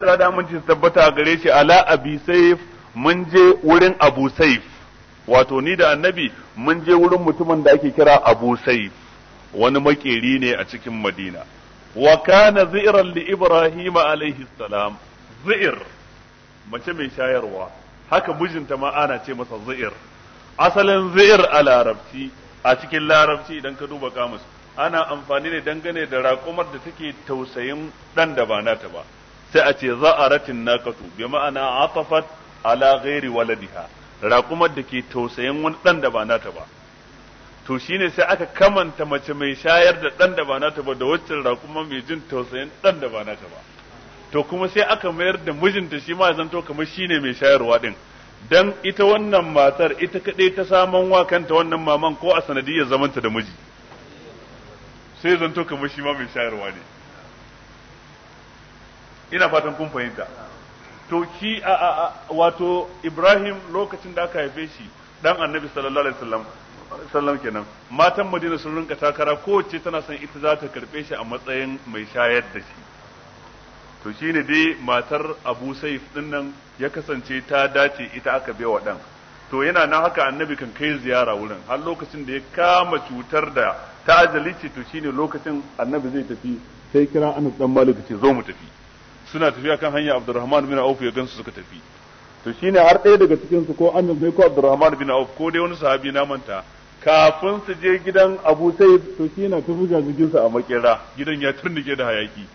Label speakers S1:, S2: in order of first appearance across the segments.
S1: da da mun ci tabbata gare shi ala abi saif mun je wurin abu saif wato ni da annabi mun je wurin mutumin da ake kira abu saif wani makeri ne a cikin madina wa kana zi'ran li ibrahim alayhi salam zi'r mace mai shayarwa haka mijinta ma ana ce masa zi'r asalin zi'r a larabci a cikin larabci idan ka duba kamus ana amfani ne dangane da raƙumar da take tausayin ɗan da ba nata ba sai a ce za'aratin naqatu bi ma'ana atafat ala ghairi waladiha raƙumar da ke tausayin wani dan da ba nata ba to shine sai aka kamanta mace mai shayar da dan da ba nata ba da waccan raƙuma mai jin tausayin dan da ba nata ba to kuma sai aka mayar da mijinta shi ma zanto kamar shine mai shayarwa din dan ita wannan matar ita kadai ta saman wa kanta wannan maman ko a sanadiyar zamanta da miji sai zanto kamar shi ma mai shayarwa ne ina fatan kun fahimta to shi wato Ibrahim lokacin da aka haife shi dan Annabi sallallahu alaihi wasallam sallam kenan matan Madina sun rinka takara kowace tana son ita za ta karbe shi a matsayin mai shayar da shi to shine dai matar Abu Saif din nan ya kasance ta dace ita aka bai wa dan to yana nan haka Annabi kan kai ziyara wurin har lokacin da ya kama cutar da ta ajalice to shine lokacin Annabi zai tafi sai kira Anas dan Malik ce zo mu tafi suna tafiya kan hanya Abdurrahman bin Auf ya gansu suka tafi to shine har ɗaya daga cikin su ko Amin bai ko Abdurrahman bin Auf ko dai wani sahabi na manta kafin su je gidan Abu Sayyid to shine ta buga jikin sa a makera gidan ya turnike da hayaki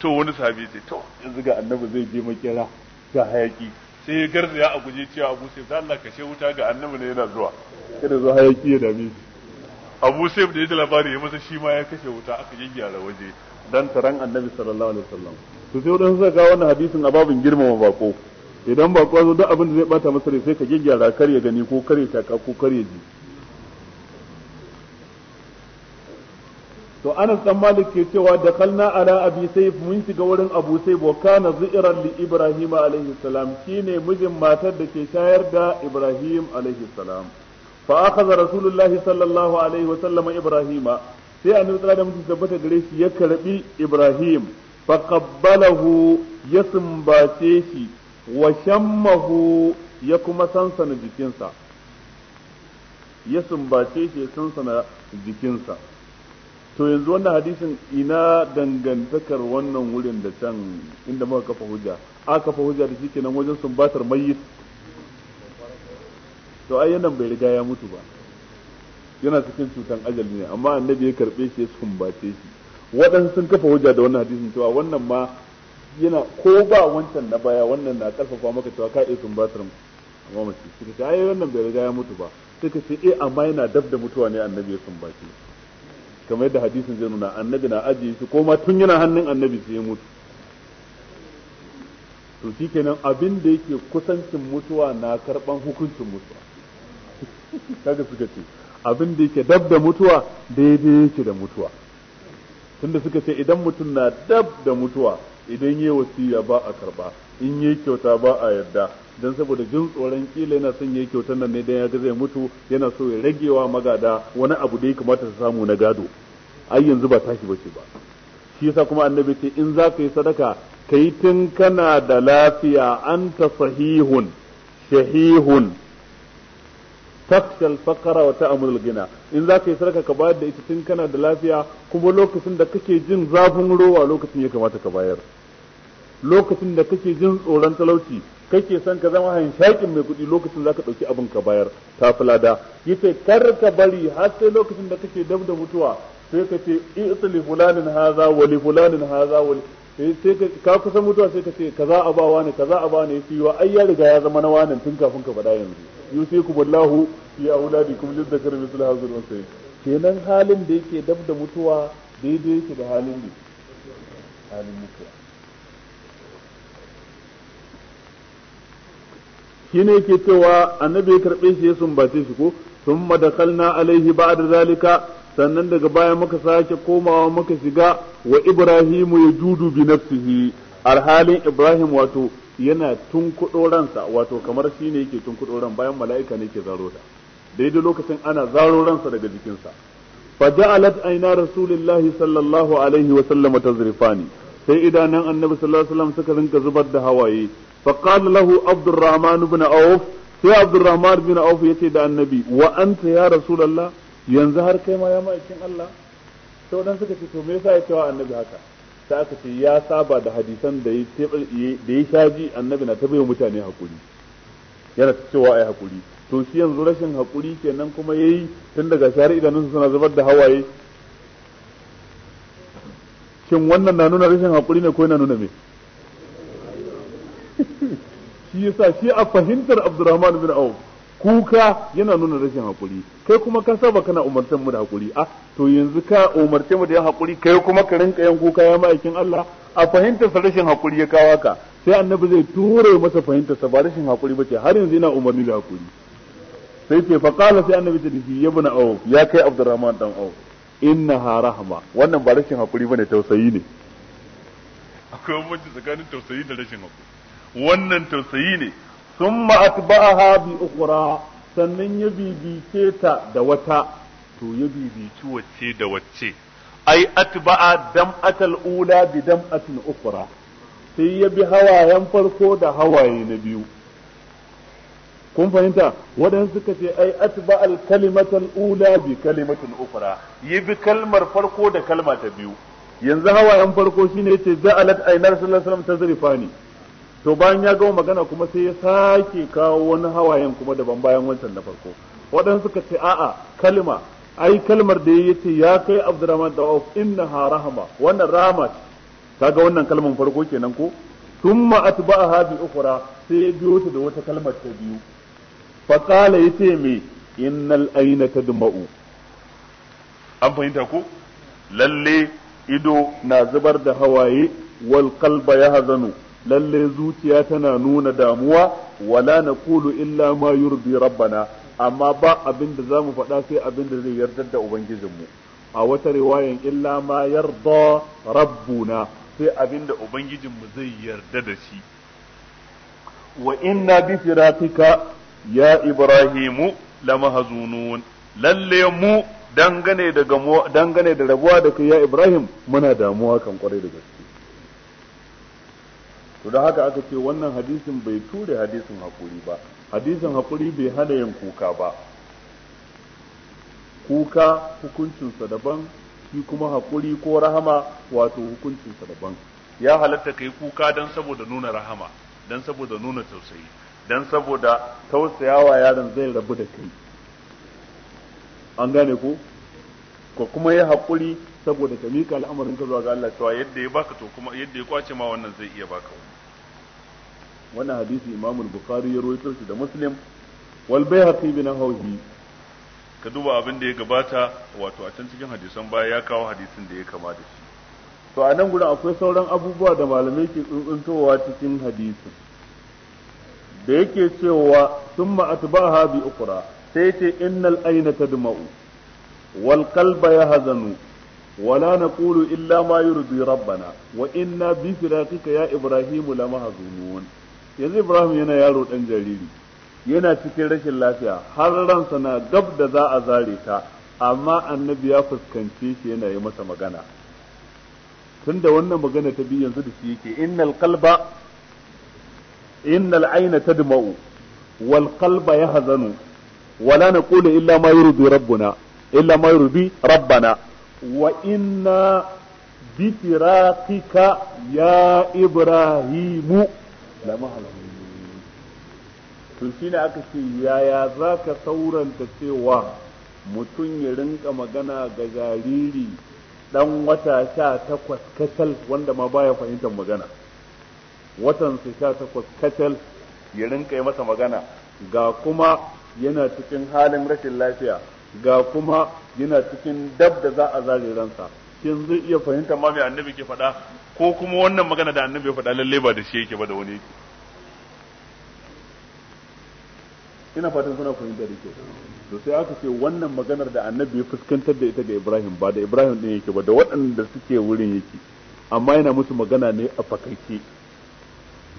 S1: to wani sahabi sai to yanzu ga Annabi zai je makera ga hayaki sai ya garzaya a guje cewa Abu Sayyid dan Allah kashe wuta ga Annabi ne yana zuwa kada zo hayaki ya dame shi Abu Sayyid da ya ji labari ya masa shi ma ya kashe wuta aka da waje dan taron Annabi sallallahu alaihi wasallam to sai wadansu suka kawo wannan hadisin a babin girmama bako idan bako zo duk abin da zai bata masa sai ka gyaggyara kar ya gani ko kar ya shaka ko kar ya ji to Anas dan Malik ke cewa da kalna ala Abi Saif mun shiga wurin Abu Saif wa kana zu'iran li Ibrahim alaihi salam shine mijin matar da ke shayar da Ibrahim alaihi salam fa akhadha Rasulullahi sallallahu alaihi wa sallam ibrahima sai annabi sallallahu alaihi tabbata gare shi ya karbi Ibrahim faqabbalahu ya sumbace shi wa shammahu ya kuma sansana jikinsa ya sumbace shi ya sansana jikinsa to yanzu wannan hadisin ina dangantakar wannan wurin da can inda muka kafa hujja a kafa hujja da shi kenan wajen sumbatar mayyit to ai nan bai riga ya mutu ba yana cikin cutan ajal ne amma annabi ya karbe shi ya sumbace shi waɗansu sun kafa hujja da wannan hadisin cewa wannan ma yana ko ba wancan na baya wannan na karfafa maka cewa ka iya sumbatar amma mace suka ce ai wannan bai riga ya mutu ba suka ce eh amma yana dab da mutuwa ne annabi ya sumbace kamar yadda hadisin zai nuna annabi na ajiye shi ko ma tun yana hannun annabi sai ya mutu to kenan abin da yake kusancin mutuwa na karban hukuncin mutuwa kaga suka ce abin da yake dab da mutuwa daidai yake da mutuwa tunda suka ce idan mutum na dab da mutuwa idan yi wasiya ba a karba in yi kyauta ba a yarda dan saboda jin tsoron kila yana son yi kyautar nan ne dan ya ga zai mutu yana so ya ragewa magada wani abu da ya kamata su samu na gado ai yanzu ba tashi bace ba shi yasa kuma annabi ce in za ka yi sadaka kai tun kana da lafiya anta sahihun shahihun takshal fakara wa ta'amul gina in za ka yi sarka ka bayar da ita tun kana da lafiya kuma lokacin da kake jin zafin rowa lokacin ya kamata ka bayar lokacin da kake jin tsoron talauci kake son ka zama shaƙin mai kuɗi lokacin za ka ɗauki abin ka bayar ta fulada yace kar ka bari har sai lokacin da kake dab da mutuwa sai ka ce i'ti li fulanin haza wa li fulanin haza wa eh, sai ka ka kusa mutuwa sai ka ce kaza a ba wani kaza a ba ne fi wa ai ya riga ya zama na wani tun kafin ka faɗa yanzu ku wallahu fi auladikum lidzakari mithlu hadhil unsay kenan halin da yake dab da mutuwa daidai yake da halin ne halin mutuwa shine ke cewa annabi ya karɓe shi ya sumbace shi ko sun madakalna alaihi ba'ad zalika sannan daga baya muka sake komawa muka shiga wa ibrahimu ya judu bi nafsihi alhalin ibrahim wato yana tun ransa wato kamar shi ne yake tun ran bayan mala'ika ne ke zaro daidai lokacin ana zaro ransa daga jikinsa fa ja'alat aina rasulillahi sallallahu alaihi wa sallama tazrifani sai idanan annabi sallallahu alaihi wasallam suka rinka zubar da hawaye fa qala lahu abdurrahman ibn auf sai abdurrahman ibn auf yace da annabi wa anta ya rasulullah yanzu har kai ma ya ma'aikin Allah sai don suka ce to me yasa ya cewa annabi haka sai aka ce ya saba da hadisan da ya da ya shaji annabi na ta mutane hakuri yana ta cewa ai hakuri to shi yanzu rashin hakuri kenan kuma yayi tun daga shari'a idanunsa suna zubar da hawaye shin wannan na nuna rashin hakuri ne ko yana nuna me shi yasa shi a fahimtar Abdurrahman bin Auf kuka yana nuna rashin hakuri kai kuma ka saba kana umartar mu da hakuri a ah, to yanzu ka umarce mu da yan hakuri kai kuma ka rinka yan kuka ya ma'aikin Allah a fahimtar sa rashin hakuri ya kawo ka sai annabi zai ture masa fahimtar sa ba rashin hakuri bace har yanzu yana umarni da hakuri sai ce qala sai annabi ta dace ya bin awf ya kai abdurrahman dan inna ha rahma wannan ba rashin hakuri bane tausayi ne akwai wani tsakanin tausayi da rashin hakuri wannan tausayi ne thumma atba'aha bi ukhra sannan ya bibice ta da wata to ya bibici wacce da wacce ai atba'a dam'atal ula bi dam'atin ukhra sai ya bi hawayen farko da hawaye na biyu kun fahimta wadan suka ce ai atba al kalimatal ula bi kalimatin ukhra ya bi kalmar farko da kalma ta biyu yanzu hawayen farko shine yace ja'alat aynar sallallahu alaihi wasallam tazrifani to bayan ya gama magana kuma sai ya sake kawo wani hawayen kuma daban bayan wancan na farko waɗansu suka ce a'a kalma ai kalmar da ya ce ya kai abdurrahman da auf innaha rahama wannan rahma Ta kaga wannan kalmar farko kenan ko thumma atba'aha bi ukhra sai ya biyo ta da wata kalmar ta biyu fa qala yace me innal ayna tadma'u an fahimta ko lalle ido na zubar da hawaye wal qalba yahzanu lalle zuciya tana nuna damuwa wala na kulu illa ma yurdi rabbana amma ba abin da zamu faɗa sai abin da zai yardar da ubangijinmu a wata riwayan illa ma yarda rabbuna sai abin da ubangijinmu zai yarda da shi wa inna bi firatika ya ibrahimu lamahzunun lalle mu dangane daga dangane da rabuwa da kai ya ibrahim muna damuwa kan kwarai da gaske to don haka aka ce wannan hadisin bai ture hadisin hakuri ba hadisin hakuri bai hana yin kuka ba kuka hukuncinsa daban shi kuma hakuri ko rahama wato hukuncinsa daban ya halatta ka yi kuka don saboda nuna rahama don saboda nuna tausayi don saboda tausayawa yaron zai rabu da kai an gane ko ko kuma ya haƙuri saboda ka mika al'amarin ka zuwa ga Allah cewa yadda ya baka to kuma yadda ya kwace ma wannan zai iya baka wani wannan hadisi Imam Bukhari ya rawaito shi da Muslim wal Baihaqi bin Hawhi ka duba abin da ya gabata wato a can cikin hadisan baya ya kawo hadisin da ya kama da shi to a nan gurin akwai sauran abubuwa da malamai ke tsuntsuntowa cikin hadisin da yake cewa summa atba'aha bi ukra sai ce innal ayna tadma'u wal qalba yahzanu ولا نقول إلا ما يرضي ربنا وإنا بفراقك يا إبراهيم لمحزونون yanzu Ibrahim yana yaro ɗan jariri yana cikin rashin lafiya har ransa na gab da za a zare ta amma annabi ya fuskanci shi yana yi masa magana tunda wannan magana ta biyu yanzu da shi yake innal qalba innal ayna tadma'u wal qalba yahzanu wala naqulu illa ma yurdi rabbuna illa ma yurdi rabbana wa inna bi firaqika ya ibrahimu la aka ce yaya zaka sauranta cewa mutum ya rinka magana ga jariri dan wata sha takwas kacal wanda ma baya fahimtar magana watan sha takwas kacal ya rinka yi masa magana ga kuma yana cikin halin rashin lafiya ga kuma yana cikin dab da za a zare ransa shin zai iya fahimta ma mai annabi ke faɗa ko kuma wannan magana da annabi ya faɗa lalle ba da shi yake ba da wani yake ina fatan kuna fahimta da ke to sai aka ce wannan maganar da annabi ya fuskantar da ita ga Ibrahim ba da Ibrahim din yake ba da waɗanda suke wurin yake amma yana musu magana ne a fakaice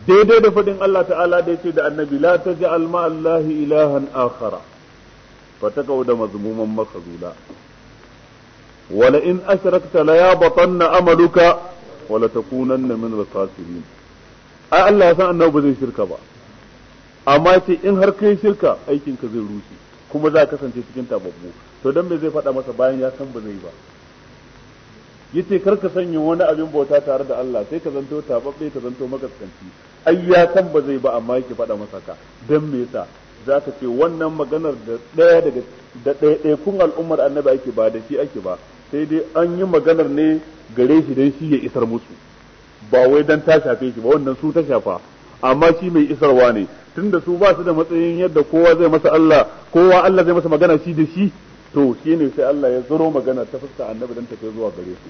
S1: daidai da faɗin Allah ta'ala da ya ce da annabi la taj'al ma ilahan akhara فتكو دا مذموما مخذولا ولئن أشركت ليابطن أملك ولتكونن من الخاسرين ai Allah ya san annabi ba zai shirka ba amma ce in har kai shirka aikin ka zai kuma za kasance cikin tababbu to dan me zai faɗa masa bayan ya san ba zai ba yace kar ka sanya wani abin bauta tare da Allah sai ka zanto tababbe ka zanto makaskanci ai ya san ba zai ba amma yake faɗa masa ka dan me yasa za ka ce wannan maganar da ɗaya daga da ɗaiɗaikun al'ummar annabi ake ba da shi ake ba sai dai an yi maganar ne gare shi dai shi ya isar musu ba wai dan ta shafe shi ba wannan su ta shafa amma shi mai isarwa ne tunda su ba su da matsayin yadda kowa zai masa Allah kowa Allah zai masa magana shi da shi to shine sai Allah ya zuro magana ta fuska annabi dan ta kai zuwa gare shi.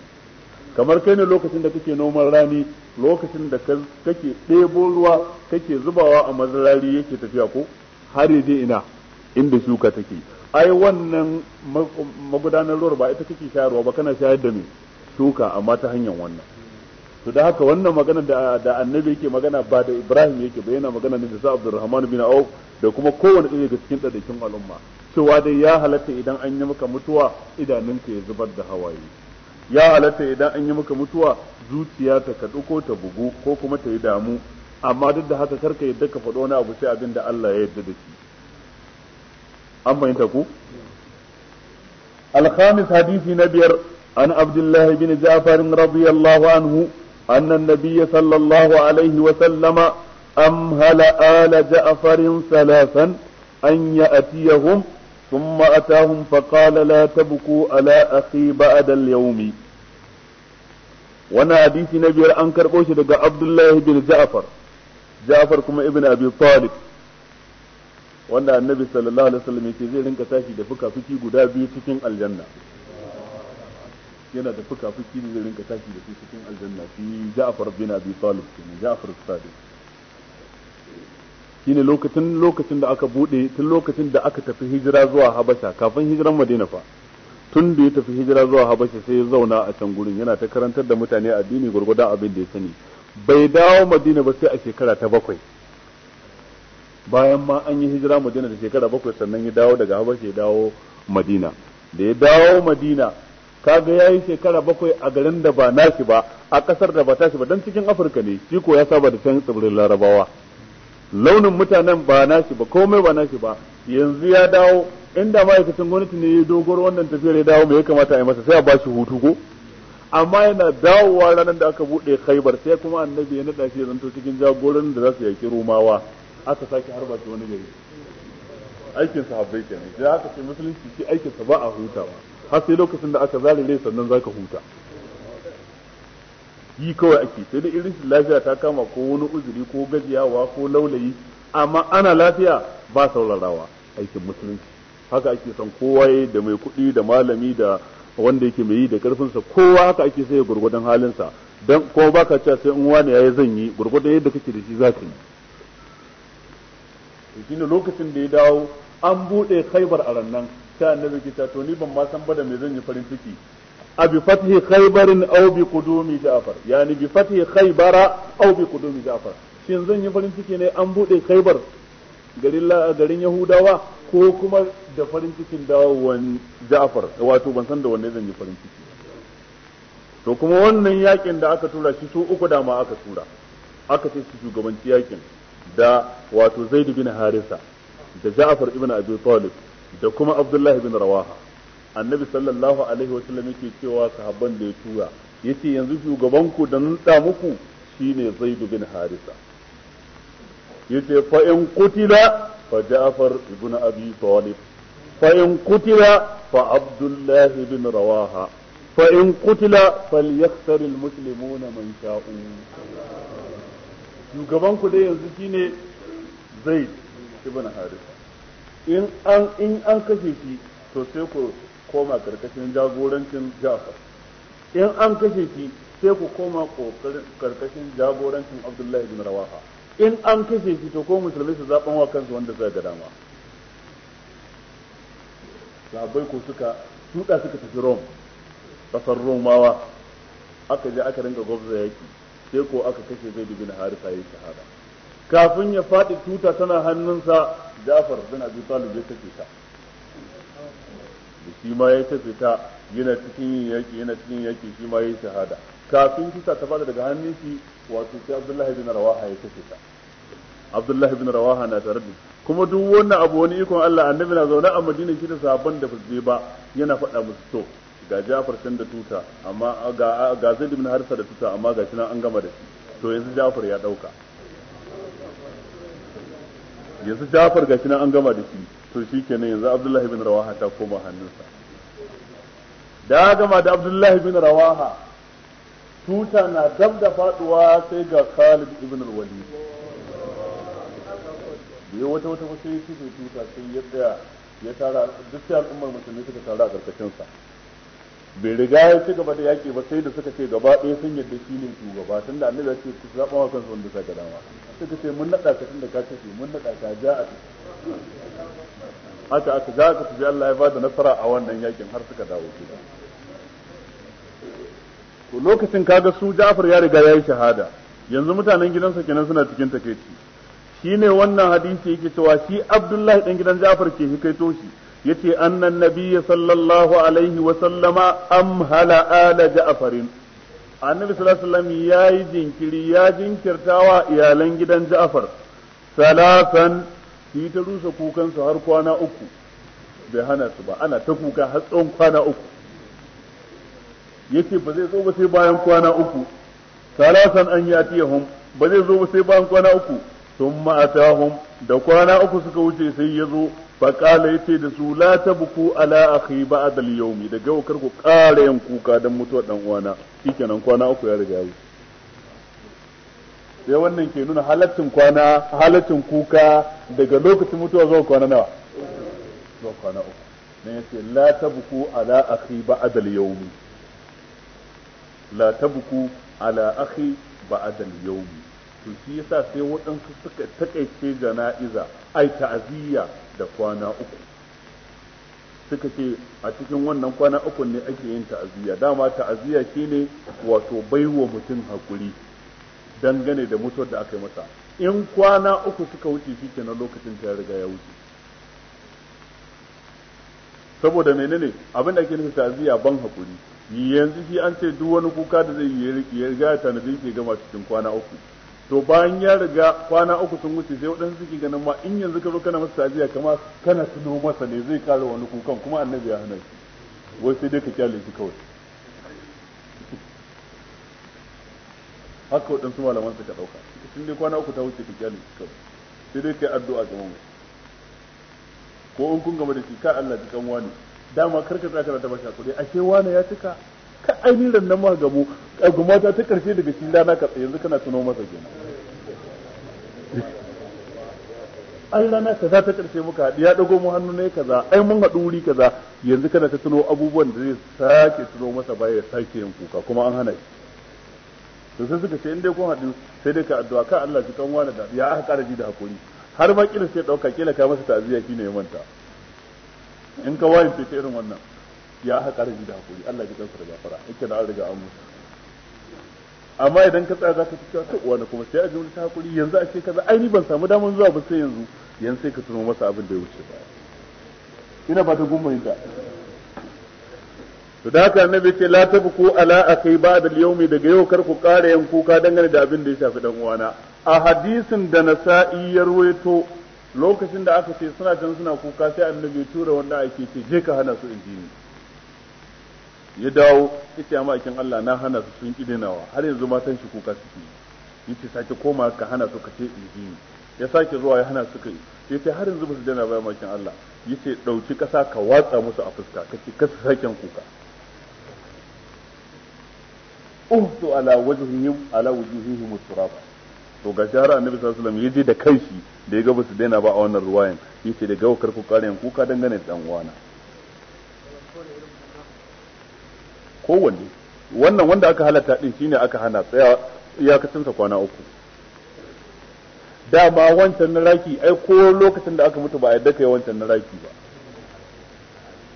S1: kamar kai ne lokacin da kake noman rani lokacin da kake ɗebo ruwa kake zubawa a mazarari yake tafiya ko har yaje ina inda shuka take ai wannan magudanar ruwa ba ita take shayarwa ba kana shayar da me shuka amma ta hanyar wannan to da haka wannan magana da da annabi yake magana ba da Ibrahim yake ba yana magana ne da sa Abdurrahman bin Auf da kuma kowane ɗaya daga cikin ɗadakin al'umma cewa dai ya halatta idan an yi maka mutuwa idanunka ya zubar da hawaye ya halatta idan an yi maka mutuwa zuciya ta kaɗu ko ta bugu ko kuma ta yi damu amma duk da haka karka yadda ka faɗo wani abu sai abin da Allah ya yadda da shi an bayyanta ku الخامس حديث نبير عن عبد الله بن جعفر رضي الله عنه أن النبي صلى الله عليه وسلم أمهل آل جعفر ثلاثا أن يأتيهم ثم أتاهم فقال لا تبكوا على أخي بعد اليوم وانا حديث نبير أنكر قوش عبد الله بن جعفر Ja'far kuma ibn Abi Talib wanda annabi sallallahu alaihi wasallam yake zai rinka tashi da fuka-fuki guda biyu cikin aljanna yana da fuka-fuki da zai rinka tashi da su cikin aljanna shi Ja'far bin Abi Talib kenan Ja'far Sadiq shine lokacin lokacin da aka bude tun lokacin da aka tafi hijira zuwa Habasha kafin hijiran Madina fa tun da ya tafi hijira zuwa Habasha sai ya zauna a can gurin yana ta karantar da mutane addini gurgurdan abin da ya sani bai dawo madina ba sai a shekara ta bakwai bayan ma an yi hijira madina da shekara bakwai sannan ya dawo daga habasha ya dawo madina da ya dawo madina kaga yi shekara bakwai a garin da ba nashi ba a kasar da ba tashi ba don cikin afirka ne shi ko ya saba da can tsibirin larabawa launin mutanen ba nashi ba komai ba nashi ba yanzu ya dawo inda ma'aikacin gwamnati ne ya dogoro wannan tafiyar ya dawo mai ya kamata a yi masa sai a bashi hutu ko amma yana dawowa ranar da aka buɗe khaibar sai kuma annabi ya naɗa shi ya zanto cikin jagoran da za su yaƙi romawa aka sake harba shi wani gari aikin sahabbai kenan idan aka ce musulunci shi aikin sa ba a hutawa har sai lokacin da aka rai sannan zaka huta yi kawai ake sai dai irin lafiya ta kama ko wani uzuri ko gajiyawa ko laulayi amma ana lafiya ba saurarawa aikin musulunci haka ake son kowa da mai kuɗi da malami da wanda yake mai yi da karfinsa kowa haka ake sai halin sa dan ko baka cewa sai in wani yayi zan yi gurgudan yadda kake da shi za ka yi shine lokacin da ya dawo an bude khaybar a rannan sai annabi ke ta to ni ban ma san ba da me zan yi farin ciki a fathi khaybarin aw bi qudumi ja'far yani bi fathi khaybara aw bi qudumi ja'far shin zan yi farin ciki ne an bude khaybar garin garin yahudawa ko kuma da farin cikin wani Ja'far wato ban san da wanne zan yi farin ciki to kuma wannan yakin da aka tura shi su uku dama aka tura aka ce su shugabanci yakin da wato Zaid bin Harisa da Ja'far ibn Abi Talib da kuma abdullahi bin Rawaha annabi sallallahu alaihi wasallam yake cewa sahabban da ya tura yace yanzu shugaban ku da da muku shine Zaid bin Harisa yace fa in qutila fa Ja'far ibn Abi Talib فإن قتل فعبد الله بن رواها فإن قتل فليختر المسلمون من شاءوا shugaban ku dai زيد ابن zaid إن أن إن أن in an kashe shi to sai ku koma karkashin jagorancin jafar sai ku koma ƙarƙashin jagorancin abdullahi bin rawaha in an kashe shi to ko musulmi su zaɓen wa kansu wanda zai ga dama sahabbai ko suka tuda suka tafi Rome kasar Romawa aka je aka ringa gwabza yaki sai ko aka kashe zai dubi na Harisa yi shahada kafin ya faɗi tuta tana hannunsa Ja'far bin Abi Talib ya tafi ta da shi ma ya tafi ta yana cikin yin yaki yana cikin yaki shi ma yayin shahada kafin kisa ta faɗa daga hannun shi wato sai Abdullahi bin Rawaha ya tafi ta abdullahi bin rawaha na tare da kuma duk wannan abu wani ikon Allah annabi na zaune a madina shi da sabon da fuzbe ba yana faɗa musu to ga Ja'far can da tuta amma ga ga Zaid bin Harisa da tuta amma ga nan an gama da shi to yanzu Ja'far ya dauka yanzu Ja'far ga nan an gama da shi to shikenan yanzu Abdullahi bin Rawaha ta koma hannunsa da gama da Abdullahi bin Rawaha tuta na dab da faduwa sai ga Khalid ibn al-Walid da ya wata wata wasu yake da tuta sai ya tsaya ya tara duk sai al'ummar musulmi suka tara a karkashin sa bai riga ya ci gaba da yaƙi ba sai da suka ce gaba ɗaya sun yadda shi ne shugaba tun da annabi ya ce ku zaɓa wa kansu wanda suka dama suka ce mun naɗa ka tun da ka ce mun naɗa ka ja a haka aka ja aka tafi Allah ya bada nasara a wannan yakin har suka dawo gida lokacin kaga su Ja'far ya riga ya yi shahada yanzu mutanen gidansa kenan suna cikin takeici shine wannan hadisi yake cewa shi Abdullahi dan gidan Ja'far ke hikaito shi yace annan nabiyyi sallallahu alaihi wa sallama amhala ala Ja'farin annabi sallallahu alaihi wasallam yayi jinkiri ya jinkirtawa iyalan gidan Ja'far salasan shi ta rusa kukan su har kwana uku bai hana su ba ana ta kuka har tsawon kwana uku yace ba zai zo ba sai bayan kwana uku salasan an yatiyahum ba zai zo ba sai bayan kwana uku sun ma'atahum da kwana uku suka wuce sai ya zo faƙala ya ce da su la ta buku ala akhi ba'd al yawmi da gawa kar ku ƙara yin kuka don mutuwar dan uwana shikenan kwana uku ya riga yi sai wannan ke nuna halaccin kwana halaccin kuka daga lokacin mutuwa zuwa kwana nawa zuwa kwana uku ne yace la tabku ala akhi ba'd al yawmi la tabku ala akhi ba'd al yawmi to shi yasa sai waɗansu suka takaice jana'iza ai ta'aziyya da kwana uku suka ce a cikin wannan kwana uku ne ake yin ta'aziyya dama ta'aziyya shine wato baiwa mutum hakuri dangane da mutuwar da aka yi masa in kwana uku suka wuce shi kenan lokacin ta riga ya wuce saboda menene abin da ake nufi ta'aziyya ban hakuri yanzu shi an ce duk wani kuka da zai yi ya riga ya tanadi ke gama cikin kwana uku to bayan ya riga kwana uku sun wuce sai waɗansu suke ganin ma in yanzu ka zo kana masa tajiya kama kana tuno masa ne zai ƙara wani kukan kuma annabi ya hana shi wai sai dai ka kyale shi kawai haka waɗansu malaman suka ɗauka sun dai kwana uku ta wuce ka kyale shi kawai sai dai kai addu'a ga mai ko in kun gama da shi ka Allah ji kan wani dama karka tsaka da ta bashi hakuri ashe wani ya cika ka ainihin nan ma gabo agumata ta karshe daga cikin rana ka yanzu kana tuno masa Allah ai rana kaza ta karshe muka haɗu ya ɗago mu hannu ne kaza ai mun haɗu wuri kaza yanzu kana ta tuno abubuwan da zai sake tuno masa baya ya sake yin kuka kuma an hana shi to sai suka ce in dai kun haɗu sai dai ka addu'a ka Allah ki kan wani da ya aka ƙara ji da hakuri har ma kila sai ɗauka kila ka masa ta'aziyya shine ya manta in ka wayin ce irin wannan ya haƙa rabi da hakuri Allah ji kansa da gafara yake na riga an musu amma idan ka tsaya zaka cewa uwa na kuma sai a ji wani hakuri yanzu a ce kaza ai ni ban samu daman zuwa ba sai yanzu yanzu sai ka tuno masa abin da ya wuce ba ina ba ta gumma ta to da haka annabi ce la tabku ala akai ba'da al-yawmi daga yau kar ku ƙara yan kuka dangane da abin da ya shafi dan uwana a hadisin da nasa'i ya ruwaito lokacin da aka ce suna can suna kuka sai annabi ya tura wanda ake ce je ka hana su injini ya dawo ce amma akin Allah na hana su sun idinawa har yanzu matan shi kuka suke ce sake koma ka hana su ka ce injini ya sake zuwa ya hana su kai ce har yanzu ba su dana bayan makin Allah ya ce dauki kasa ka watsa musu a fuska ka ce kasu saken kuka uhdu ala wajhihim ala wujuhihim turaba to ga shahara annabi sallallahu alaihi wasallam yaje da kanshi da ya ga basu daina ba a wannan ruwayan yace da gawakar ku kare kuka dangane da dan uwana kowanne wannan wanda aka halatta din shine aka hana tsaya iyakacinsa kwana uku dama wancan na raki ai ko lokacin da aka mutu ba a yadda kai wancan na raki ba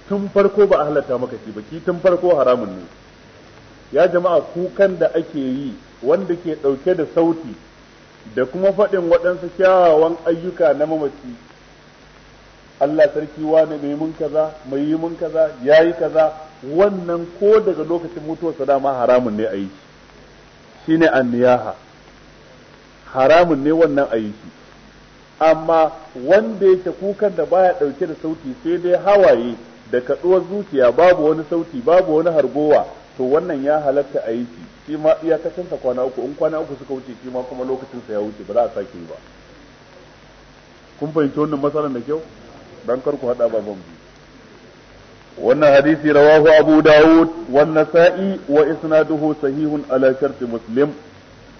S1: tun farko ba a halatta maka shi ba ki tun farko haramun ne ya jama'a kukan da ake yi wanda ke ɗauke da sauti da kuma faɗin waɗansu kyawawan ayyuka na mamaci Allah sarki ne mai mun kaza mai yi mun kaza yayi kaza wannan ko daga lokacin mutuwarsa dama haramun ne a yi shi shi ne anniyaha haramun ne wannan a yi shi amma wanda yake kukan da baya dauke da sauti sai dai hawaye da kaduwar zuciya babu wani sauti babu wani hargowa to wannan ya halatta a yi shi shi ma iyakacinsa kwana uku in kwana uku suka wuce shi ma kuma lokacinsa ya wuce ba za a sake yi ba kun fahimci wannan matsalar da kyau dan kar ku hada baban wannan hadisi rawahu abu dawud wan nasa'i wa isnaduhu sahihun ala shart muslim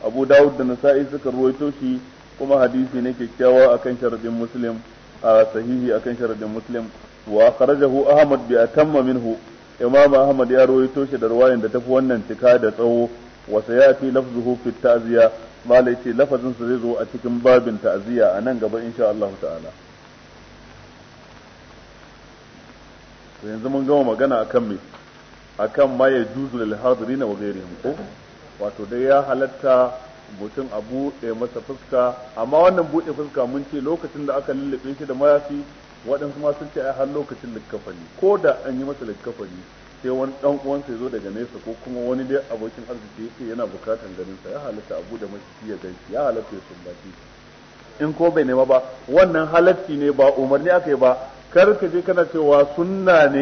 S1: abu dawud da nasa'i suka ruwaito shi kuma hadisi ne kyakkyawa akan sharadin muslim a sahihi akan sharadin muslim wa kharajahu ahmad bi atamma minhu imam ahmad ya ruwaito shi da ruwayan da tafi wannan cika da tsawo wa sayati lafzuhu fi ta'ziya malaiti ce lafazin su zai zo a cikin babin ta'ziya a nan gaba insha Allah ta'ala to yanzu mun gama magana akan me akan ma ya juzu lil hadirin wa ghairihim ko wato dai ya halatta mutum a buɗe masa fuska amma wannan buɗe fuska mun ce lokacin da aka lullube shi da mayafi waɗansu ma sun ce ai har lokacin likkafani ko da an yi masa likkafani sai wani dan uwansa ya zo daga nesa ko kuma wani dai abokin arziki ya yana bukatan ganin sa ya halatta a buɗe masa shi ya ganshi ya halatta ya sumbace in ko bai nema ba wannan halatti ne ba umarni aka yi ba kar ka je kana cewa sunna ne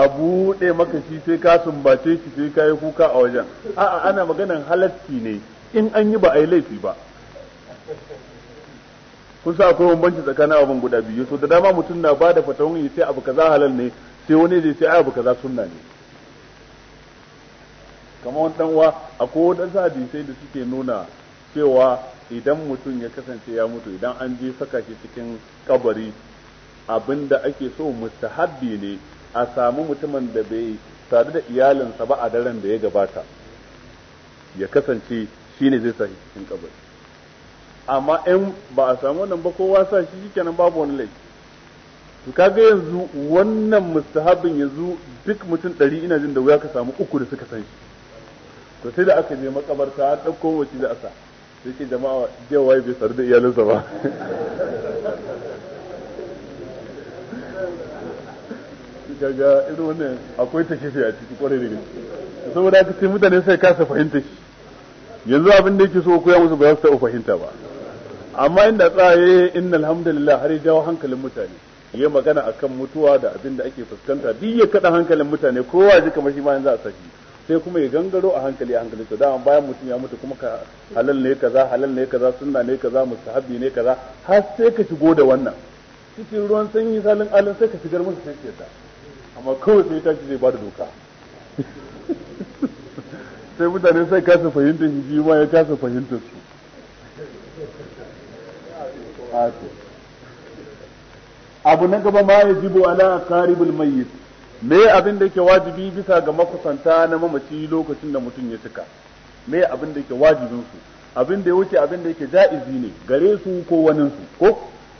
S1: a buɗe maka shi sai ka sumbace shi sai ka yi kuka a wajen a'a ana maganan halatti ne in an yi ba a yi laifi ba kun sa akwai bambanci tsakanin abin guda biyu so da dama mutum na ba da fatawun ya sai abu kaza halal ne sai wani zai sai abu kaza sunna ne kamar wani dan wa akwai wadansu hadisai da suke nuna cewa idan mutum ya kasance ya mutu idan an je saka shi cikin kabari abinda ake so mustahabbi ne a samu mutumin da bai sadu da iyalinsa ba a daren da ya gabata ya kasance shi ne zai sa cikin kabari amma in ba a samu wannan ba kowa sa shi kenan babu wani laifi to kaga yanzu wannan mustahabbin yanzu duk mutum ɗari ina jin da wuya ka samu uku da suka san shi to sai da aka je makabarta an ɗauko wace a sa sai ke jama'a jiya bai sadu da iyalinsa ba kaga irin wannan akwai ta shi a ciki kwarai da gaske saboda aka ce mutane sai kasa fahimta shi yanzu abin da yake so koya musu ba za su taɓa fahimta ba amma inda tsaye in alhamdulillah har ya jawo hankalin mutane ya magana akan mutuwa da abin da ake fuskanta duk ya kada hankalin mutane kowa ji kamar shi ma yanzu a sashi sai kuma ya gangaro a hankali a hankali to dama bayan mutum ya mutu kuma ka halal ne kaza halal ne kaza sunna ne kaza mustahabi ne kaza har sai ka shigo da wannan cikin ruwan sanyi salin alin sai ka shigar musu sai ta amma kawai sai tashi zai bada doka sai mutane sai kasa fahimtar shi shi ma ya kasa fahimtar su abu na gaba ma ya jibo ala karibul mayyit me abin da yake wajibi bisa ga makusanta na mamaci lokacin da mutum ya cika me abin da yake wajibin su abin da ya wuce abin da yake ja'izi ne gare su ko wanin su ko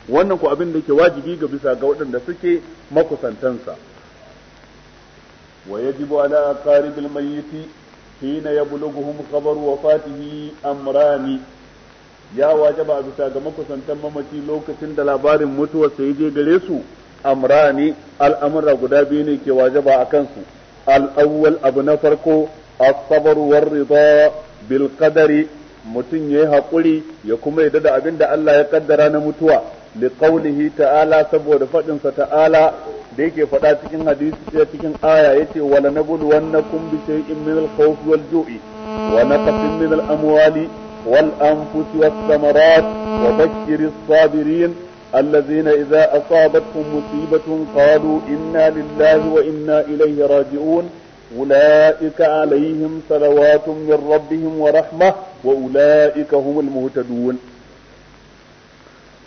S1: wannan ko abin da yake wajibi ga bisa ga waɗanda suke makusantansa ويجب على أقارب الميت حين يبلغهم خبر وفاته أمران ya wajaba a bisa ga makusantan mamaci lokacin da labarin mutuwar sai je gare su amrani al'amura guda biyu ne ke wajaba a kansu al'awwal abu na farko asabarwar sabr bilkadari rida bil qadari mutum yayi hakuri ya kuma yarda da abin da Allah ya kaddara na mutuwa li ta'ala saboda fadin sa ta'ala da yake faɗa cikin hadisi sai cikin aya yace wala nabluwannakum bi shay'in min al-khawf wal ju'i wa naqsin min al-amwali wal anfusi was thamarat wa bashshiris sabirin الذين إذا أصابتهم مصيبة قالوا إنا لله وإنا إليه راجعون أولئك عليهم صلوات من ربهم ورحمة وأولئك هم المهتدون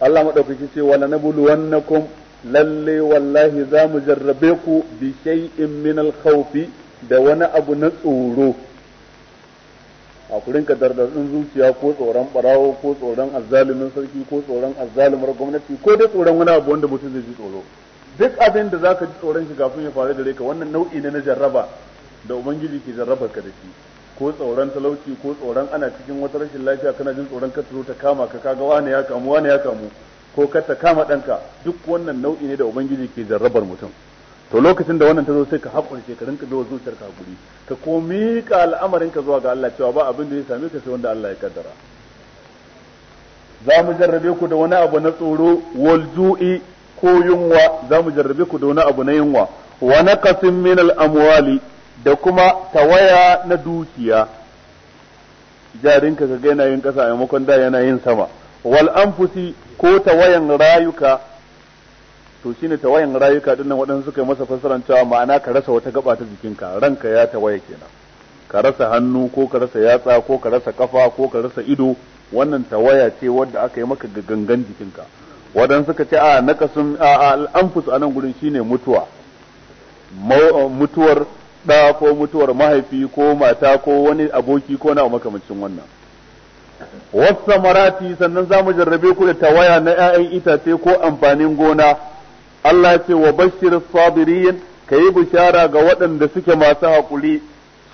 S1: الله مدفع وَلَنَبْلُوَنَّكُمْ lalle wallahi za mu jarrabe ku bi shay'in min al-khawfi da wani abu na
S2: tsoro
S1: a ku rinka dardadin zuciya ko tsoron barawo ko tsoron azzalumin sarki ko tsoron azzalimar gwamnati ko dai tsoron wani abu wanda mutum zai ji tsoro duk abin da zaka ji tsoron shi kafin ya faru da ka wannan nau'i ne na jarraba da ubangiji ke jarrabar ka da shi ko tsoron talauci ko tsoron ana cikin wata rashin lafiya kana jin tsoron ka ta kama ka kaga wani ya kamu wani ya kamu ko ka ta kama ɗanka duk wannan nau'i ne da ubangiji ke jarrabar mutum
S2: to lokacin da wannan
S1: ta zo sai ka haƙurce ka rinka zuciyar ka hakuri ka ko miƙa ka zuwa ga Allah cewa ba abin da ya same ka sai wanda Allah ya kaddara za mu jarrabe ku da wani abu na tsoro wal ju'i ko yunwa za mu jarrabe ku da wani abu na yunwa wa naqasin min al amwali da kuma tawaya na dukiya jarinka ka ga yana yin ƙasa a maimakon da yana yin sama wal anfusi ko tawayan rayuka to shine tawayan rayuka din nan waɗansu suka yi masa fassaran cewa ma'ana ka rasa wata gaba ta jikinka ranka ya tawaye kenan ka rasa hannu ko ka rasa yatsa ko ka rasa kafa ko ka rasa ido wannan tawaya ce wadda aka yi maka ga gangan jikinka waɗansu suka ce a nakasun a al'anfus a nan gurin shine mutuwa mutuwar ɗa ko mutuwar mahaifi ko mata ko wani aboki ko na makamancin wannan wasu marati sannan za mu jarrabe ku da tawaya na 'ya'yan itace ko amfanin gona Allah ce wa bashir sabirin ka yi bishara ga waɗanda suke masu haƙuri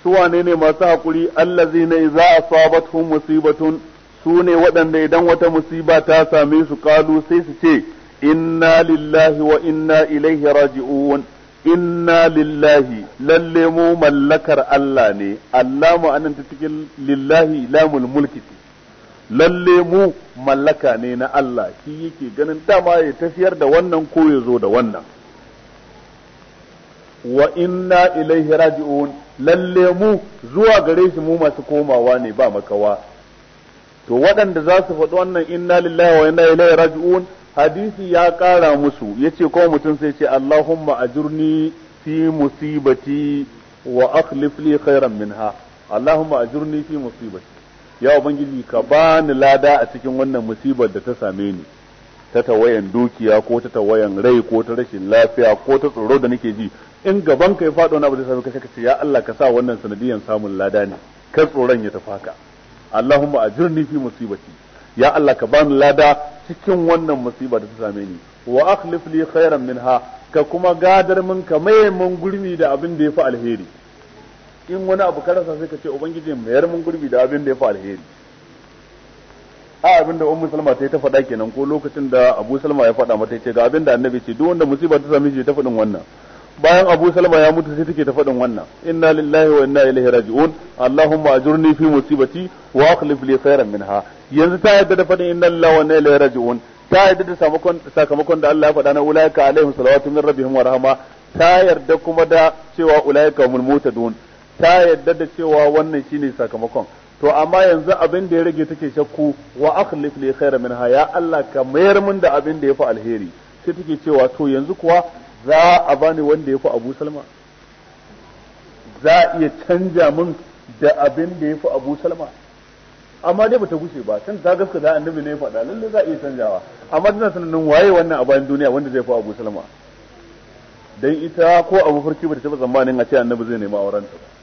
S1: su wane ne masu haƙuri Allah zinai za a hun musibatun su ne waɗanda idan wata musiba ta same su kalu sai su ce inna lillahi wa inna ilaihi raji'un inna lillahi lalle mu mallakar Allah ne Allah mu ta cikin lillahi lamul mulki lalle mu mallaka ne na Allah shi yake ganin dama ya tafiyar da wannan ko ya zo da wannan wa inna ilaihi raji'un lalle mu zuwa gare shi mu masu komawa ne ba makawa to waɗanda za su faɗi wannan inna lillahi wa inna ilaihi raji'un hadisi ya ƙara musu yace ko mutum sai ce Allahumma ajurni fi musibati wa akhlif li khairan minha Allahumma ajurni fi musibati ya ubangiji ka bani lada a cikin wannan musibar da ta same ni ta tawayan dukiya ko ta tawayan rai ko ta rashin lafiya ko ta tsoro da nake ji in gaban ka ya faɗo na ba zai same ka sai ya Allah ka sa wannan sanadiyan samun lada ne kar tsoron ya tafi haka Allahumma ajirni fi musibati ya Allah ka bani lada cikin wannan musibar da ta same ni wa akhlif li khairan minha ka kuma gadar min ka mai mun gurmi da abin da ya fi alheri in wani abu ka sai ka ce ubangiji mayar mun gurbi da abin da ya fi alheri a abin da ummu salma ta yi ta faɗa kenan ko lokacin da abu salma ya faɗa mata ce ga abin da annabi ce duk wanda musiba ta same shi ta faɗin wannan bayan abu salma ya mutu sai take ta faɗin wannan inna lillahi wa inna ilaihi raji'un allahumma ajurni fi musibati wa akhlif li khairan minha yanzu ta yadda da faɗin inna lillahi wa inna ilaihi raji'un ta yadda da sakamakon da Allah ya faɗa na ulaika alaihim salawatu min rabbihim wa rahma ta yarda kuma da cewa ulaika mulmutadun ta yadda da cewa wannan shine sakamakon to amma yanzu abin da ya rage take shakku wa akhlif li khaira minha ya Allah ka mayar min da abin da yafi alheri sai take cewa to yanzu kuwa za a bani wanda yafi Abu Salma za a iya canja min da abin da yafi Abu Salma amma dai bata gushe ba tun ta da annabi ne ya faɗa lalle za a iya canjawa amma tana sanin waye wannan a bayan duniya wanda zai fi Abu Salma dan ita ko Abu Farki bata taba zamanin a ce annabi zai nemi auren ta ba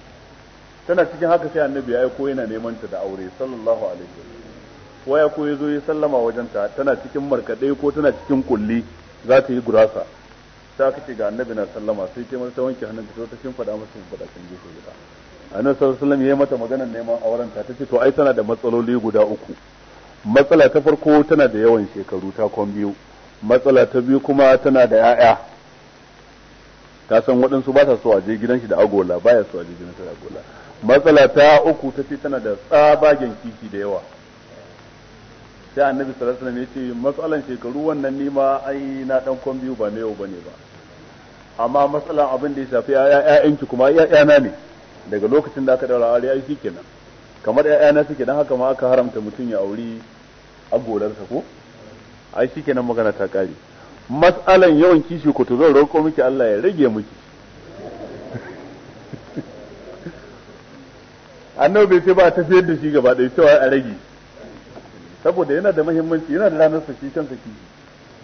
S1: tana cikin haka sai annabi ya aiko yana neman ta da aure sallallahu alaihi wa ya ko zo ya sallama wajen ta tana cikin markade ko tana cikin kulli za ta yi gurasa sai aka ce ga annabi na sallama sai ta mata wanke hannun ta ta shin fada masa fada kan gefe guda annabi sallallahu alaihi ya mata maganar neman auren ta tace to ai tana da matsaloli guda uku matsala ta farko tana da yawan shekaru ta kwan biyu matsala ta biyu kuma tana da 'ya'ya ta san waɗansu ba ta so a je gidan shi da agola ba ya so a je gidan shi da agola matsala ta uku ta ce tana da tsabagen kishi da yawa sai annabi sallallahu alaihi wasallam ya ce matsalan shekaru wannan nima ma ai na dan kon biyu ba na yau bane ba amma matsalan abin da ya shafi ƴaƴanki kuma ƴaƴana ne daga lokacin da aka daura aure ai shikenan kamar ƴaƴana suke dan haka ma aka haramta mutum ya auri golarsa ko ai shikenan magana ta kare matsalan yawan kishi ko to zan roƙo miki Allah ya rage miki annabi bai ce ba ta tafiyar da shi gaba ɗaya cewa a rage saboda yana da muhimmanci yana da ranar sa shi kansa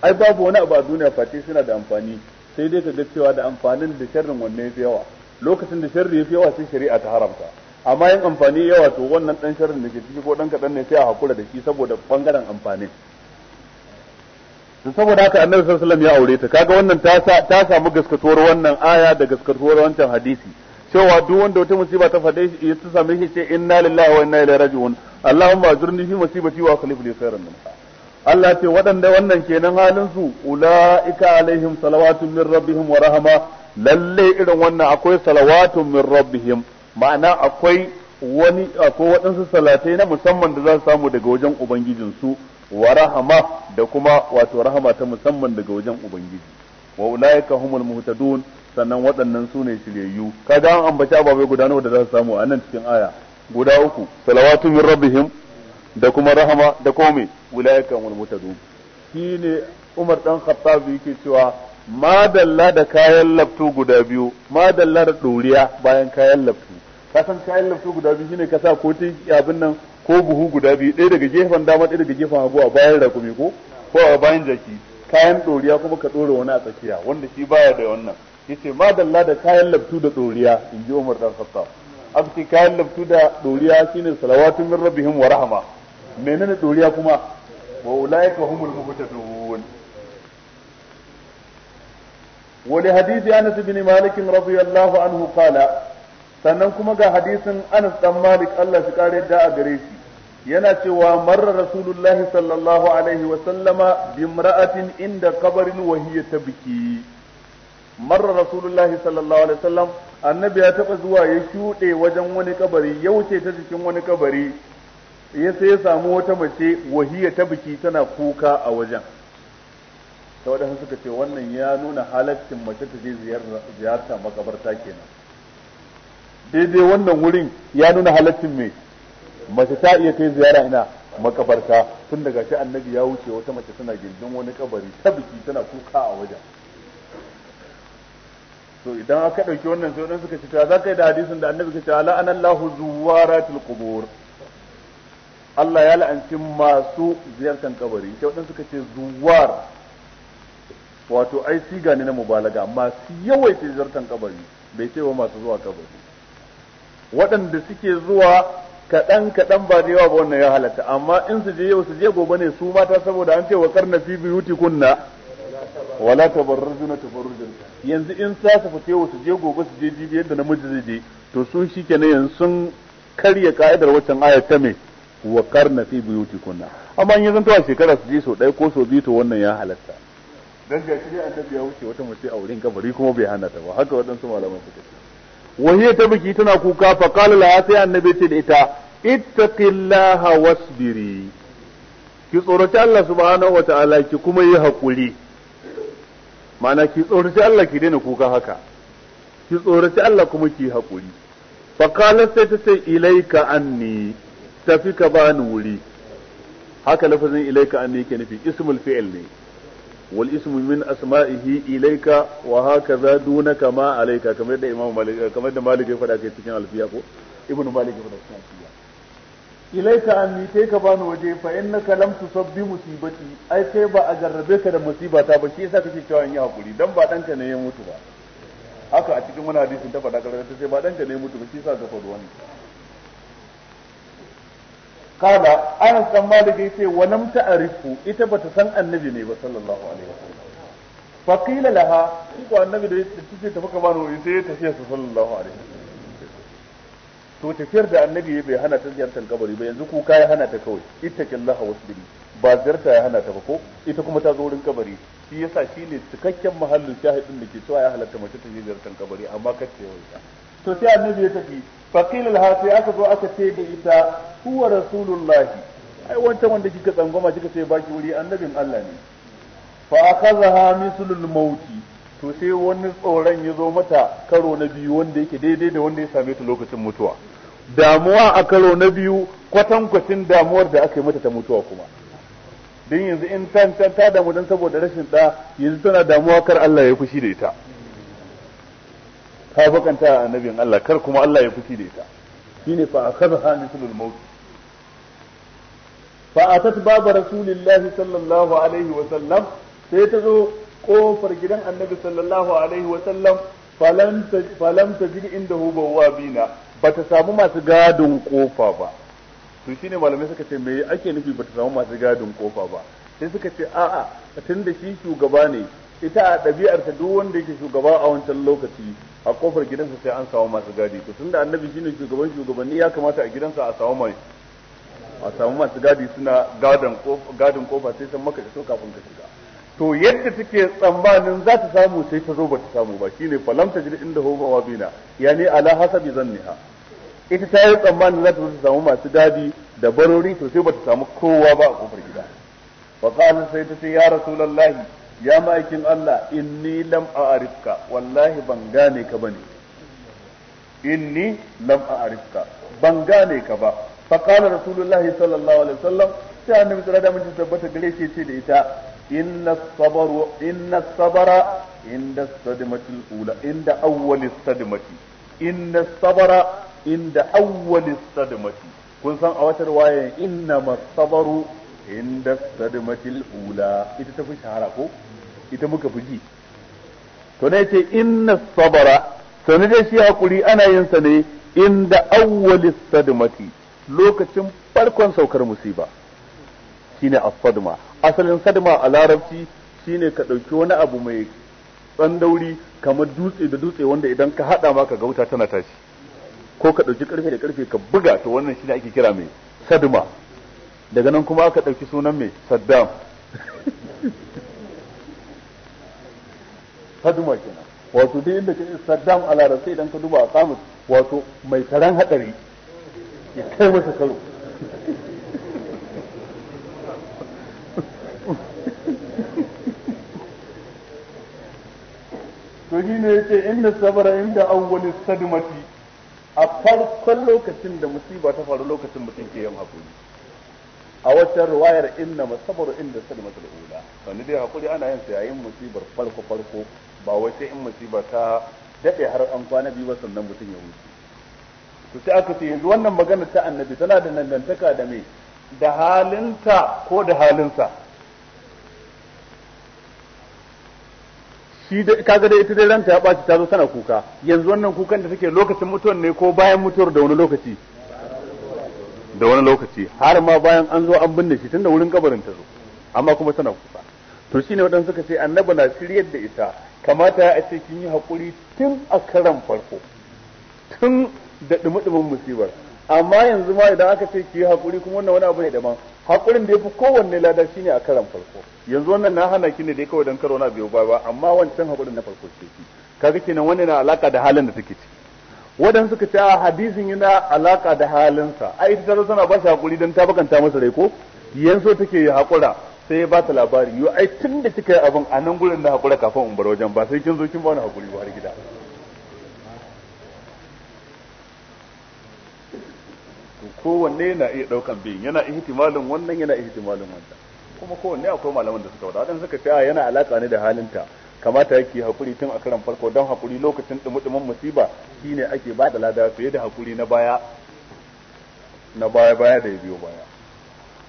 S1: ai babu wani abu a duniya face suna da amfani sai dai ka ga cewa da amfanin da sharrin wanne ya fi yawa lokacin da sharri ya fi yawa sai shari'a ta haramta amma yin amfani yawa to wannan dan sharrin da ke ciki ko dan kadan ne sai a hakura da shi saboda bangaren amfanin to saboda haka annabi sallallahu alaihi wasallam ya aure ta kaga wannan ta ta samu gaskatuwar wannan aya da gaskatuwar wancan hadisi cewa duk wanda wata musiba ta fade shi ya ta same shi ce inna lillahi wa inna ilaihi raji'un allahumma ajurni fi musibati wa akhlif li khairan minha Allah ce waɗanda wannan kenan halin su ulaika alaihim salawatun min rabbihim wa rahma lalle irin wannan akwai salawatun min rabbihim ma'ana akwai wani akwai waɗansu salatai na musamman da za su samu daga wajen ubangijinsu wa rahma da kuma wato rahama ta musamman daga wajen ubangiji wa ulaika humul muhtadun sannan waɗannan su ne shiryayyu kaga an ambaci ababai guda nawa da za su samu a nan cikin aya guda uku salawatu min rabbihim da kuma rahama da kuma me wilayaka wal mutadun shine Umar dan Khattab yake cewa ma dalla da kayan laftu guda biyu ma dalla da doriya bayan kayan laftu ka san kayan laftu guda biyu shine ka sa ko abin nan ko buhu guda biyu ɗaya daga gefen dama ɗaya daga gefen hagu a bayan rakumi ko ko a bayan jaki kayan doriya kuma ka ɗora wani a tsakiya wanda shi baya da wannan yace ma dalla da kayan labtu da doriya in ji Umar dan Khattab aka kayan labtu da doriya shine salawatu min rabbihim wa rahma menene doriya kuma wa ulaika humul muhtadun wani hadisi Anas bin Malik radiyallahu anhu qala sannan kuma ga hadisin Anas dan Malik Allah shi kare da a gare shi yana cewa marra rasulullahi sallallahu alaihi wa sallama bi imra'atin inda qabarin wa hiya tabki marar rasulullahi sallallahu alaihi wasallam annabi ya taba zuwa ya shuɗe wajen wani kabari ya wuce ta cikin wani kabari ya sai ya samu wata mace wahiya ta biki tana kuka a wajen ta waɗansu suka ce wannan ya nuna halaccin mace ta je ziyarta makabarta kenan daidai wannan wurin ya nuna halaccin mai mace ta iya kai ziyara ina makabarta tun daga shi annabi ya wuce wata mace tana gindin wani kabari ta biki tana kuka a wajen to idan aka ɗauki wannan sai wadansu suka ce ta za ka yi da hadisin da annabi ka ce ala anallahu zuwaratul qubur Allah ya la'anci masu ziyartar kabari sai wadansu suka ce zuwar wato ai siga ne na mubalaga masu ce ziyartar kabari bai ce wa masu zuwa kabari waɗanda suke zuwa kaɗan kaɗan ba da yawa ba wannan ya halatta amma in su je yau su je gobe ne su mata saboda an ce wa karna fi biyuti kunna wala ta barar tabarrujun yanzu in sa su fita yau su je gobe su je jibi yadda namiji zai je to sun su na yanzu sun karya ka'idar waccan ayat ta me wa karna fi buyutikunna amma in yanzu a shekara su je sau ɗaya ko sau biyu to wannan ya halatta dan ga shi annabi ya wuce wata mace a wurin kabari kuma bai hana ta ba haka waɗansu malaman suka ce wahiya ta biki tana kuka fa qala laha sai annabi ce da ita ittaqillaha wasbiri ki tsoraci Allah subhanahu ta'ala ki kuma yi hakuri ma'ana ki tsoraci Allah ki daina kuka haka ki tsoraci Allah kuma ki haƙuri fa qalat sai ta ce ilaika anni tafi ka bani wuri haka lafazin ilaika anni yake nufi ismul fi'l ne wal ismu min asma'ihi ilaika wa hakaza dunaka ma alayka kamar da imam malik kamar da malik ya faɗa kai cikin alfiya ko ibnu malik ya faɗa cikin ilaika anni sai ka bani waje fa innaka lam tusabbi musibati ai sai ba a jarrabe ka da musiba ta ba shi yasa kake cewa in yi hakuri dan ba danka ne ya mutu ba haka a cikin wani hadisin ta faɗa karanta sai ba danka ne ya mutu ba shi yasa ka faɗi wani kala ana san malike yace wa lam ta'rifu ita bata san annabi ne ba sallallahu alaihi wasallam fa qila laha ko annabi da tace tafi ka bani waje sai ta ce sallallahu alaihi wasallam to tafiyar da annabi ya bai hana ta ziyartar kabari ba yanzu kuka ya hana ta kawai ittaqillaha wasbiri ba ziyarta ya hana ta ba ko ita kuma ta zo wurin kabari shi yasa ne cikakken mahallin shahidin da ke cewa ya halatta mace ta ziyartar kabari amma kar ta to sai annabi ya tafi faqil al aka zo aka ce da ita huwa rasulullahi ai wancan wanda kika tsangwama kika sai baki wuri annabin Allah ne fa akazaha mislul mauti to sai wani tsoron ya zo mata karo na biyu wanda yake daidai da wanda ya same ta lokacin mutuwa damuwa a karo na biyu kwatankwacin damuwar da aka yi mata ta mutuwa kuma don yanzu in ta ta damu don saboda rashin da yanzu tana damuwa kar Allah ya fushi da ita ta bakanta annabin Allah kar kuma Allah ya fushi da ita shine fa akhadha mithlul maut fa atat baba rasulillahi sallallahu alaihi wa sallam sai ta zo kofar gidan annabi sallallahu alaihi wa sallam falam tajid indahu bawabina bata samu masu gadin kofa ba to shine malamai suka ce me ake nufi bata samu masu gadin kofa ba sai suka ce a'a tunda shi shugaba ne ita a ɗabi'arta duk wanda yake shugaba a wancan lokaci a kofar gidansa sai an samu masu gadi to tunda annabi shine shugaban shugabanni ya kamata a gidansa a samu mai a samu masu gadi suna gadin kofa sai san maka da so kafin ka shiga to yadda take tsammanin za ta samu sai ta zo ba ta samu ba shine falam ta jiri inda Hoba wa bina yani ala hasabi zanniha ita ta yi tsammanin za ta zo ta samu masu dadi da barori to sai ba ta samu kowa ba a kofar gida fa qala sai ta ce ya rasulullahi ya ma'aikin Allah inni lam a'rifka wallahi ban gane ka bane inni lam a'rifka ban gane ka ba fa qala rasulullahi sallallahu alaihi wasallam sai annabi sallallahu alaihi wasallam tabbata gare shi ce da ita inna sabara inna sabara inda ula inda awwalis sadmati inna sabara inda awwalis sadmati kun san a wata riwaya inna masabaru inda sadmatil ula ita ta fi shahara ko ita muka fi ji to ne ce inna sabara sanu da shi hakuri ana yinsa ne inda awwalis sadmati lokacin farkon saukar musiba shine as-sadma asalin sadma a larabci shine ka ɗauki wani abu mai tsandauri kamar dutse da dutse wanda idan ka haɗa ma ka ga wuta tana tashi ko ka ɗauki ƙarfe da ƙarfe ka buga to wannan shine ake kira mai sadma daga nan kuma aka ɗauki sunan mai saddam sadma kenan wato dai inda kace saddam a larabci idan ka duba a kamus wato mai taran haɗari
S2: ya kai masa karo
S1: to shi ne ce inda sabara inda awwalis sadmati a farkon lokacin da musiba ta faru lokacin mutum ke yin hakuri a wata ruwayar inna masabaru inda sadmatul ula wani dai hakuri ana yin sa yayin musibar farko farko ba wai sai in musiba ta dade har an kwana biyu sannan mutum ya mutu to sai aka ce yanzu wannan magana ta annabi tana da dangantaka da me da halinta ko da halinsa shi da kaga dai ita dai ranta ya ɓaci ta zo tana kuka yanzu wannan kukan da take lokacin mutuwar ne ko bayan mutuwar da wani lokaci da wani lokaci har ma bayan an zo an binne shi tunda wurin kabarin ta zo amma kuma tana kuka to shine wadanda suka ce annaba na shiryar da ita kamata a ce kin yi hakuri tun a karan farko tun da dumudumin musibar amma yanzu ma idan aka ce ki yi hakuri kuma wannan wani abu ne daban hakurin da ya fi kowanne lada ne a karan farko yanzu wannan na hana ki ne dai kawai don karo na biyo ba amma wancan hakurin na farko ce ki kaga kenan wannan na alaka da halin da take ciki wadan suka ce a hadisin yana alaka da halinsa ai ita ta tana ba shi hakuri dan ta bakanta masa rai ko yanzu take hakura sai ya ba ta labari yo ai tun da kika yi abin a nan gurin da hakura kafin in bar wajen ba sai kin zo kin ba wani hakuri ba har gida kowanne na iya daukan biyun yana ihtimalin wannan yana ihtimalin wannan kuma kowanne akwai malaman da suka wada wadan suka ce yana alaka ne da halinta kamata yake hakuri tun a karan farko don hakuri lokacin dumudumin musiba shine ake ba da lada fiye da hakuri na baya na baya baya da ya biyo baya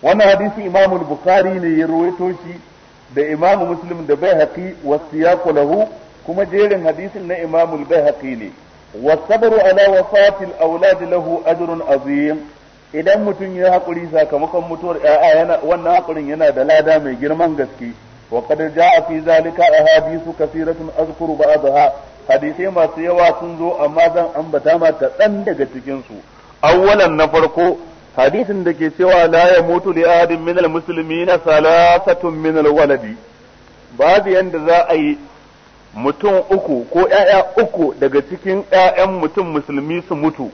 S1: wannan hadisi imamu bukhari ne ya rawaito shi da imamu muslim da bai wa siyaqu lahu kuma jerin hadisin na imamu bai ne wasu sabru ala wafatil aulad lahu ajrun azim idan mutum ya haƙuri sakamakon mutuwar 'ya'ya yana wannan haƙurin yana da lada mai girman gaske wa qad jaa fi zalika ahadithu kathiratun azkuru ba'daha hadisai masu yawa sun zo amma zan ambata ma kaɗan daga cikin su awwalan na farko hadisin da ke cewa la yamutu li ahadin min almuslimina salasatun min alwaladi babu yanda za a yi mutum uku ko 'ya'ya uku daga cikin 'ya'yan mutum musulmi su mutu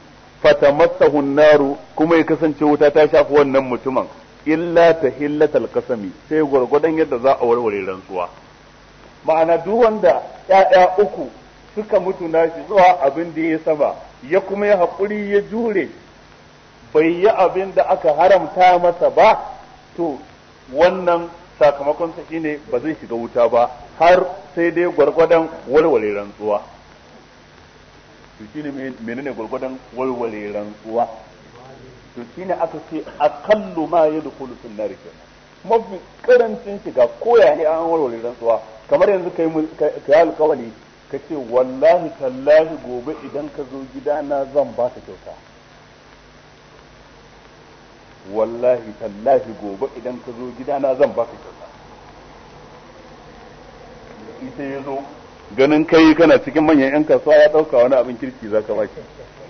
S1: fatamassahu naru kuma ya kasance wuta ta shafi wannan mutumin illa tahillatal qasami sai gwargwadon yadda za a warware rantsuwa ma'ana duk wanda ƴaƴa uku suka mutu nashi zuwa abin da ya saba ya kuma ya haƙuri ya jure bai yi abin da aka haramta masa ba to wannan sakamakonsa shine ba zai shiga wuta ba har sai dai gwargwadon warware rantsuwa to ne menene gwargwadon walwale rantsuwa to ne aka ce aqallu ma yadkhulu fil nar kenan mafi karancin shiga koya ne an walwale rantsuwa kamar yanzu kai yi alƙawari ka ce wallahi tallahi gobe idan ka zo gida zan ba ka kyauta wallahi tallahi gobe idan ka zo gida zan ba ka kyauta ita ya zo ganin kai kana cikin manyan yan kasuwa ya dauka wani abin kirki zaka ba shi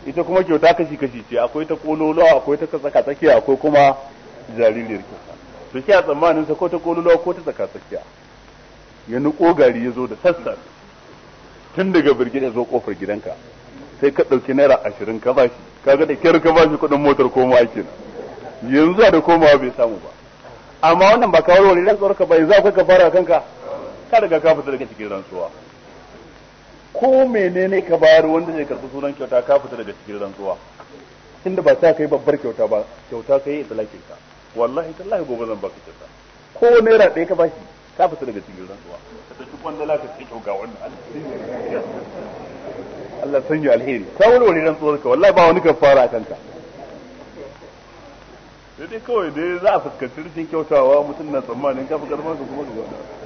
S1: ita kuma kyauta kashi kashi ce akwai ta kololo akwai ta tsaka tsakiya akwai kuma jaririyar kyauta to shi a tsammanin sa ko ta kololo ko ta tsaka tsakiya ya nuko gari ya zo da sassan tun daga birgin ya zo kofar gidanka sai ka ɗauki naira ashirin ka bashi kaga da kyar ka bashi kuɗin motar koma ake yanzu da komawa bai samu ba amma wannan ba kawar wani ran tsorka yanzu akwai ka fara kanka ka riga ka fita daga cikin rantsuwa ko menene ka bayar wanda zai karɓi sunan kyauta ka fita daga cikin rantsuwa inda ba sa kai babbar kyauta ba kyauta kai lakin ka wallahi tallahi gobe zan baka kyauta ko naira ɗaya ka bashi ka fita daga cikin rantsuwa ka wanda kwandala ka kyau ga wannan Allah san yi alheri ka wani wani rantsuwar ka wallahi ba wani ka fara a kanka sai dai kawai dai za a fuskanci rikin kyautawa mutum na tsammanin ka fi karfin su kuma ka gwada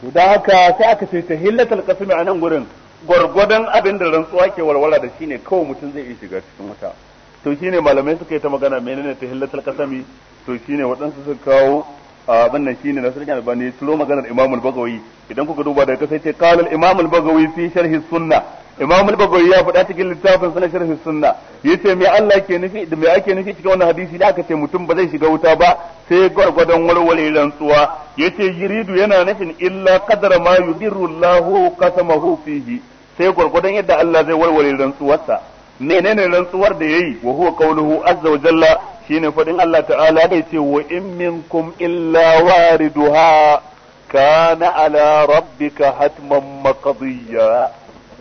S1: to da haka sai aka ce ta hillatul qasmi a nan gurin gwargwadon abin da rantsuwa ke walwala da shine kawai mutum zai iya shiga cikin wuta to shine malamai suka yi ta magana menene ta hillatul qasmi to shine waɗansu suka kawo abin nan shine Nasir bin Albani ya maganar Imam al-Bagawi idan kuka duba da sai ce qala al-Imam al-Bagawi fi sharhi sunna Imam al-Bagawi ya faɗa cikin littafin sana sharhi sunna yace me Allah ke nufi da me ake nufi cikin wannan hadisi da aka ce mutum ba zai shiga wuta ba sai gwargwadon walwale rantsuwa yace yuridu yana nufin illa qadara ma yudiru Allahu qasamahu fihi sai gwargwadon yadda Allah zai walwale rantsuwarsa menene rantsuwar da yayi wa huwa qawluhu azza wa jalla shine faɗin Allah ta'ala bai ce wa in minkum illa wariduha kana ala rabbika hatman maqdiya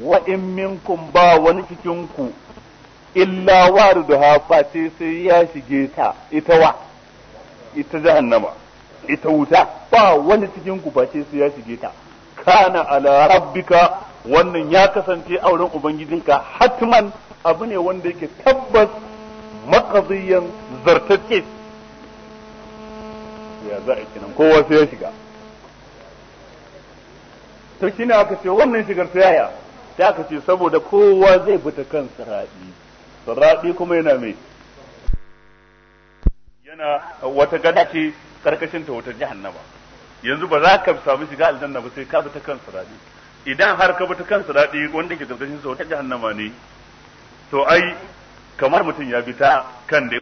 S1: wa in minkum ba wani cikin ku illa wariduha face sai ya shige ta ita wa ita jahannama ita wuta ba wani cikin ku face sai ya shige ta kana ala rabbika wannan ya kasance auren ubangijinka hatman abu ne wanda yake tabbas maqdiyan zartacce ya za a kinan kowa sai ya shiga to kina aka ce wannan shigar ta yaya sai aka ce saboda kowa zai bi kan siradi siradi kuma yana mai yana wata gada ce karkashin ta wata jahannama yanzu ba za ka samu shiga aljanna ba sai ka bi kan siradi idan har ka bi kan siradi wanda ke karkashin sa wata jahannama ne to ai kamar mutum ya bi ta kan da